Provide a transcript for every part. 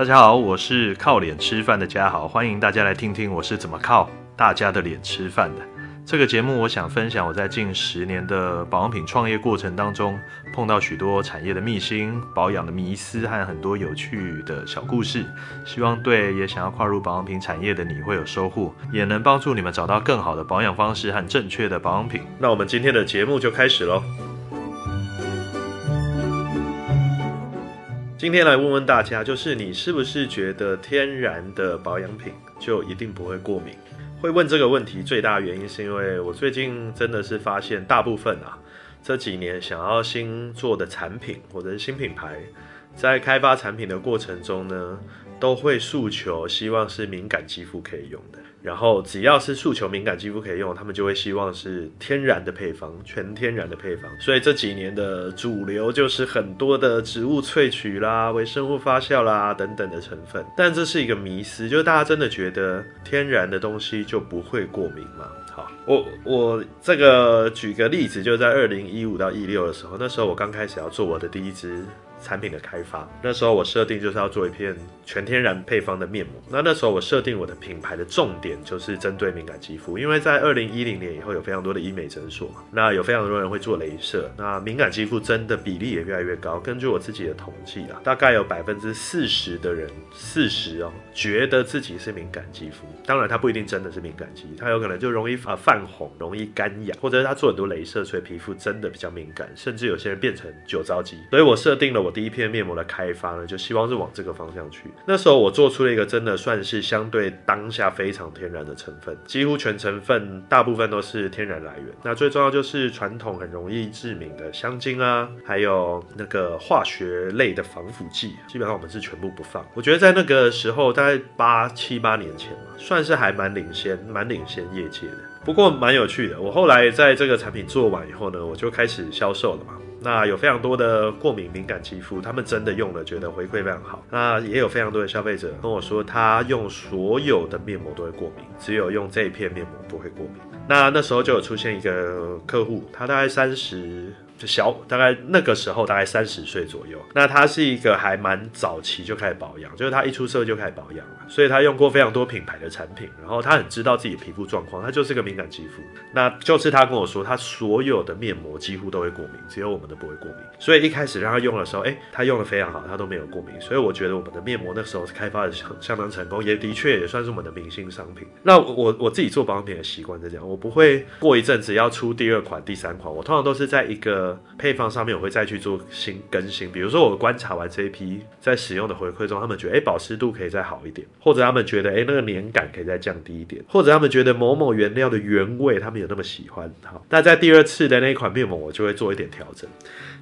大家好，我是靠臉吃飯的嘉豪，歡迎大家來聽聽我是怎麼靠大家的臉吃飯的。這個節目我想分享我在近十年的保養品創業過程當中碰到許多產業的秘辛、保養的迷思和很多有趣的小故事，希望對也想要跨入保養品產業的你會有收穫，也能幫助你們找到更好的保養方式和正確的保養品。那我們今天的節目就開始嘍。今天來問問大家，就是你是不是覺得天然的保養品就一定不會過敏？會問這個問題最大原因，是因為我最近真的是發現，大部分啊這幾年想要新做的產品或者是新品牌，在開發產品的過程中呢，都會訴求希望是敏感肌膚可以用的。然後只要是訴求敏感肌膚可以用，他們就會希望是天然的配方，全天然的配方。所以這幾年的主流就是很多的植物萃取啦、微生物發酵啦等等的成分。但這是一個迷思，就是、大家真的覺得天然的東西就不會過敏嘛？好，我我這個舉個例子，就在二零一五到一六的時候，那時候我剛開始要做我的第一支。產品的開發，那時候我設定就是要做一片全天然配方的面膜。那那時候我設定我的品牌的重點就是針對敏感肌膚，因為在二零一零年以後有非常多的醫美診所嘛，那有非常多人會做鐳射，那敏感肌膚真的比例也越來越高。根據我自己的統計啊，大概有百分之四十的人，四十哦，覺得自己是敏感肌膚，當然他不一定真的是敏感肌，他有可能就容易，呃，泛紅，容易乾癢，或者他做很多鐳射，所以皮膚真的比較敏感，甚至有些人變成酒糟肌。所以我設定了我。第一片面膜的開發呢，就希望是往這個方向去。那時候我做出了一個真的算是相對當下非常天然的成分，幾乎全成分大部分都是天然來源。那最重要就是傳統很容易致敏的香精啊，還有那個化學類的防腐劑，基本上我們是全部不放。我覺得在那個時候，大概八七八年前嘛，算是還蠻領先，蠻領先業界的。不過蠻有趣的，我後來在這個產品做完以後呢，我就開始銷售了嘛。那有非常多的過敏敏感肌膚，他們真的用了覺得回饋非常好。那也有非常多的消費者跟我說，他用所有的面膜都會過敏，只有用這一片面膜不會過敏。那那時候就有出現一個客戶，他大概三十。就小大概那個時候大概三十歲左右，那他是一個還蠻早期就開始保養，就是他一出社會就開始保養了，所以他用過非常多品牌的產品，然後他很知道自己皮膚狀況，他就是個敏感肌膚，那就是他跟我說，他所有的面膜幾乎都會過敏，只有我們的不會過敏，所以一開始讓他用的時候，哎、欸，他用得非常好，他都沒有過敏，所以我覺得我們的面膜那時候開發得相相當成功，也的確也算是我們的明星商品。那我我自己做保養品的習慣是這樣，我不會過一陣子要出第二款、第三款，我通常都是在一個。配方上面我會再去做新更新，比如說我觀察完這一批在使用的回饋中，他們覺得哎保濕度可以再好一點，或者他們覺得哎那個黏感可以再降低一點，或者他們覺得某某原料的原味他們有那麼喜歡，好，那在第二次的那一款面膜我就會做一點調整。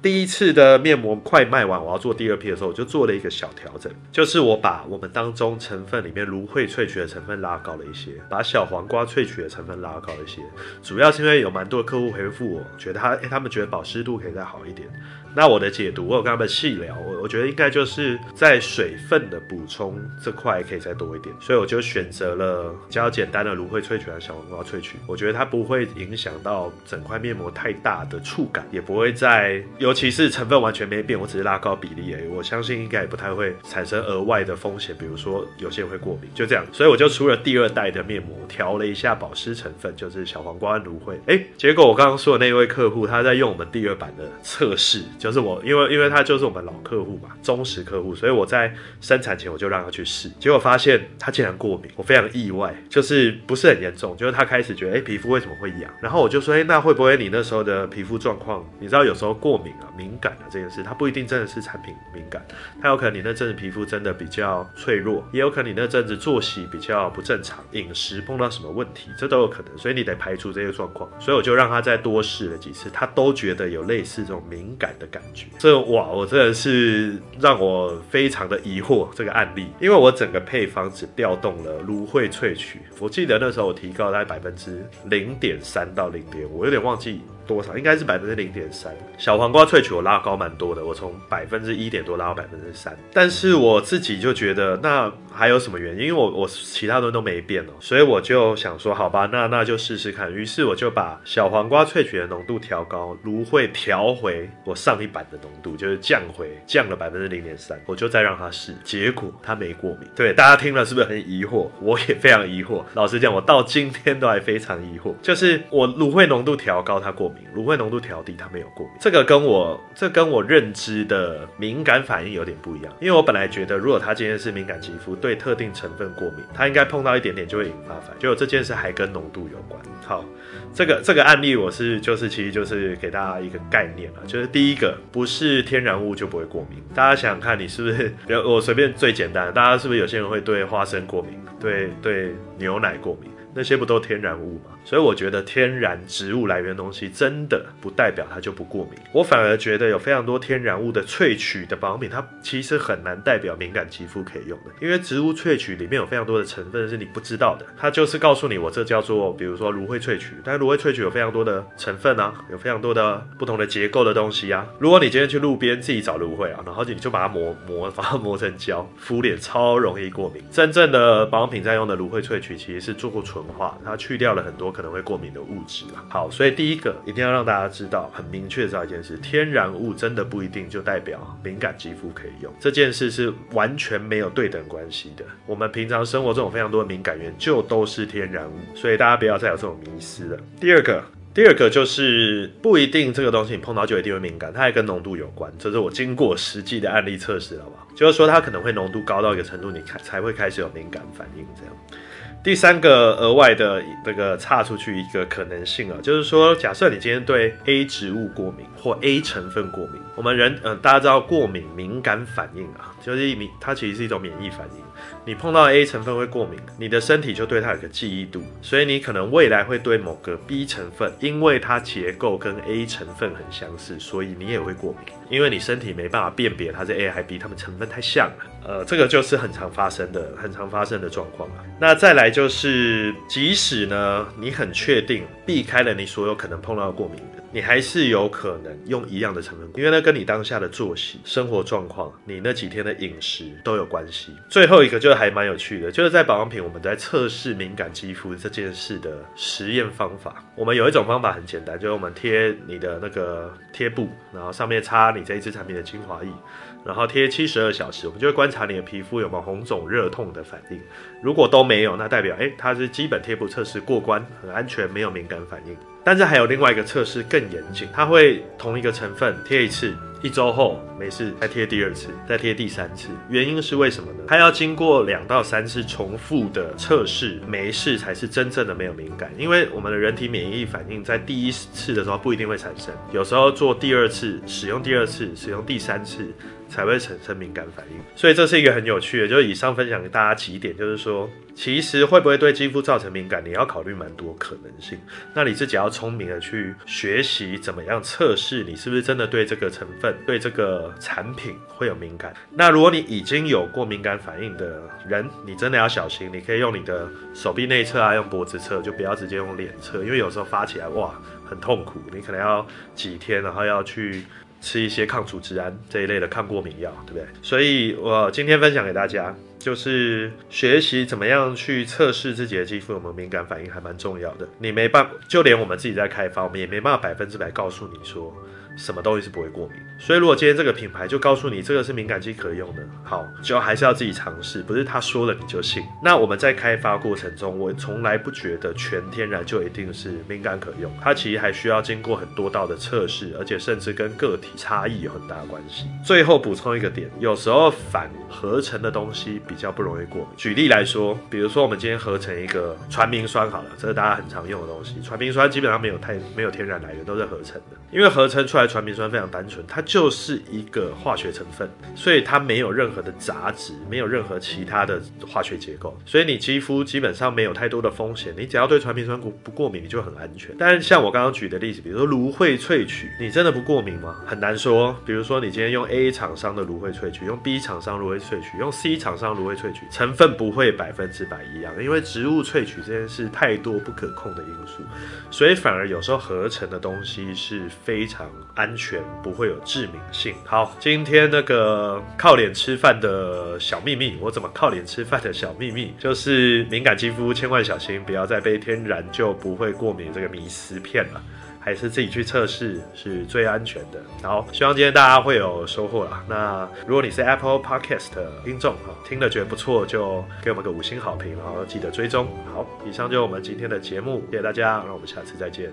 第一次的面膜快賣完，我要做第二批的時候，我就做了一個小調整，就是我把我們當中成分裡面蘆薈萃取的成分拉高了一些，把小黃瓜萃取的成分拉高了一些，主要是因為有蠻多客戶回復我覺得他、哎、他們覺得保濕。濕度可以再好一點。那我的解讀，我有跟他們細聊，我我覺得應該就是在水分的補充這塊可以再多一點，所以我就選擇了比較簡單的蘆薈萃取和小黃瓜萃取，我覺得它不會影響到整塊面膜太大的觸感，也不會再，尤其是成分完全沒變，我只是拉高比例而已，我相信應該也不太會產生額外的風險，比如說有些人會過敏，就這樣，所以我就出了第二代的面膜，調了一下保濕成分，就是小黃瓜和蘆薈，哎，結果我剛剛說的那一位客戶他在用我們第二版的測試。就是我，因為因為他就是我們老客戶嘛，忠實客戶，所以我在生產前我就讓他去試，結果發現他竟然過敏，我非常意外，就是不是很嚴重，就是他開始覺得，哎，皮膚為什麼會癢？然後我就說，哎，那會不會你那時候的皮膚狀況，你知道有時候過敏啊、敏感啊這件事，他不一定真的是產品敏感，他有可能你那陣子皮膚真的比較脆弱，也有可能你那陣子作息比較不正常，飲食碰到什麼問題，這都有可能，所以你得排除這些狀況，所以我就讓他再多試了幾次，他都覺得有類似這種敏感的。感覺這哇，我真的是讓我非常的疑惑這個案例，因為我整個配方只調動了蘆薈萃、萃取，我記得那時候我提高大概百分之零點三到零點，我有點忘記。多少應該是百分之零點三，小黃瓜萃取我拉高蠻多的我1，我從百分之一點多拉到百分之三，但是我自己就覺得那還有什麼原因？因為我我其他東西都沒變哦、喔，所以我就想說好吧，那那就試試看。於是我就把小黃瓜萃取的濃度調高，蘆薈調回我上一版的濃度，就是降回降了百分之零點三，我就再讓它試，結果它沒過敏對。對大家聽了是不是很疑惑？我也非常疑惑。老實講，我到今天都還非常疑惑，就是我蘆薈濃度調高它過敏。蘆薈濃度調低，它沒有過敏，這個跟我這跟我認知的敏感反應有點不一樣。因為我本來覺得，如果他今天是敏感肌膚，對特定成分過敏，他應該碰到一點點就會引發反應，結果這件事還跟濃度有關。好，這個這個案例我是就是其實就是給大家一個概念啊，就是第一個不是天然物就不會過敏。大家想想看，你是不是我隨便最簡單的，大家是不是有些人會對花生過敏，對對牛奶過敏？那些不都天然物嗎？所以我覺得天然植物來源的東西真的不代表它就不過敏。我反而覺得有非常多天然物的萃取的保養品，它其實很難代表敏感肌膚可以用的，因為植物萃取裡面有非常多的成分是你不知道的。它就是告訴你，我這叫做比如說蘆薈萃取，但是蘆薈萃取有非常多的成分啊，有非常多的不同的結構的東西啊。如果你今天去路邊自己找蘆薈啊，然後你就把它磨磨，把它磨成膠敷臉，超容易過敏。真正的保養品在用的蘆薈萃取其實是做過純。文化，它去掉了很多可能會過敏的物質。好，所以第一個一定要讓大家知道，很明確知道一件事：天然物真的不一定就代表敏感肌膚可以用，這件事是完全沒有對等關係的。我們平常生活中有非常多的敏感源就都是天然物，所以大家不要再有這種迷思了。第二個，第二個就是不一定這個東西你碰到就一定會敏感，它還跟濃度有關。這是我經過實際的案例測試了，好吧？就是說它可能會濃度高到一個程度，你才會開始有敏感反應這樣。第三個，額外的那、這個岔出去一個可能性啊，就是說，假設你今天對 A 植物過敏或 A 成分過敏，我們人呃大家知道過敏敏感反應啊，就是免它其實是一種免疫反應。你碰到 A 成分會過敏，你的身體就對它有個記憶度，所以你可能未來會對某個 B 成分，因為它結構跟 A 成分很相似，所以你也會過敏，因為你身體沒辦法辨別它是 A 還是 B，它們成分太像了。呃，這個就是很常發生的、很常發生的狀況啊。那再來。就是即使呢，你很確定避開了你所有可能碰到過敏的，你還是有可能用一樣的成分，因為那跟你當下的作息、生活狀況、你那幾天的飲食都有關係。最後一個就還蠻有趣的，就是在保養品我們在測試敏感肌膚這件事的實驗方法，我們有一種方法很簡單，就是我們貼你的那個貼布，然後上面擦你這一支產品的精華液。然後貼七十二小時，我們就會觀察你的皮膚有沒有紅腫、熱痛的反應。如果都沒有，那代表，誒，它是基本貼布測試過關，很安全，沒有敏感反應。但是還有另外一個測試更嚴謹，它會同一個成分貼一次，一周後沒事，再貼第二次，再貼第三次。原因是為什麼呢？它要經過兩到三次重複的測試，沒事才是真正的沒有敏感。因為我們的人體免疫反應在第一次的時候不一定會產生，有時候做第二次，使用第二次，使用第三次。才會產生敏感反應，所以這是一個很有趣的。就是以上分享給大家幾點，就是說，其實會不會對肌膚造成敏感，你要考慮蠻多可能性。那你自己要聰明的去學習怎麼樣測試你是不是真的對這個成分、對這個產品會有敏感。那如果你已經有過敏感反應的人，你真的要小心。你可以用你的手臂內側啊，用脖子測，就不要直接用臉測，因為有時候發起來哇很痛苦，你可能要幾天，然後要去。吃一些抗組織胺這一類的抗過敏藥，對不對？所以，我今天分享給大家，就是學習怎麼樣去測試自己的肌膚有沒有敏感反應，還蠻重要的。你沒辦就連我們自己在開發，我們也沒辦法百分之百告訴你說。什麼東西是不會過敏？所以如果今天這個品牌就告訴你這個是敏感肌可用的，好，就還是要自己嘗試，不是他說了你就信。那我們在開發過程中，我從來不覺得全天然就一定是敏感可用，它其實還需要經過很多道的測試，而且甚至跟個體差異有很大關係。最後補充一個點，有時候反合成的東西比較不容易過敏。舉例來說，比如說我們今天合成一個傳明酸，好了，這是大家很常用的東西，傳明酸基本上沒有太沒有天然來源，都是合成的，因為合成出。傳明酸非常單純，它就是一個化學成分，所以它沒有任何的雜質，沒有任何其他的化學結構，所以你肌膚基本上沒有太多的風險。你只要對傳明酸過不過敏，你就很安全。但是像我剛剛舉的例子，比如說蘆薈萃、萃取，你真的不過敏嗎？很難說。比如說你今天用 A 廠商的蘆薈萃取，用 B 廠商蘆薈萃取，用 C 廠商蘆薈萃取，成分不會百分之百一樣，因為植物萃取這件事太多不可控的因素，所以反而有時候合成的東西是非常。安全不會有致敏性。好，今天那個靠臉吃飯的小祕密，我怎麼靠臉吃飯的小祕密，就是敏感肌膚千萬小心，不要再被“天然就不會過敏”這個迷思騙了，還是自己去測試是最安全的。好，希望今天大家會有收穫啦。那如果你是 Apple Podcast 的聽眾，聽得覺得不錯，就給我們個五星好評，然後記得追蹤。好，以上就是我們今天的節目，謝謝大家，讓我們下次再見。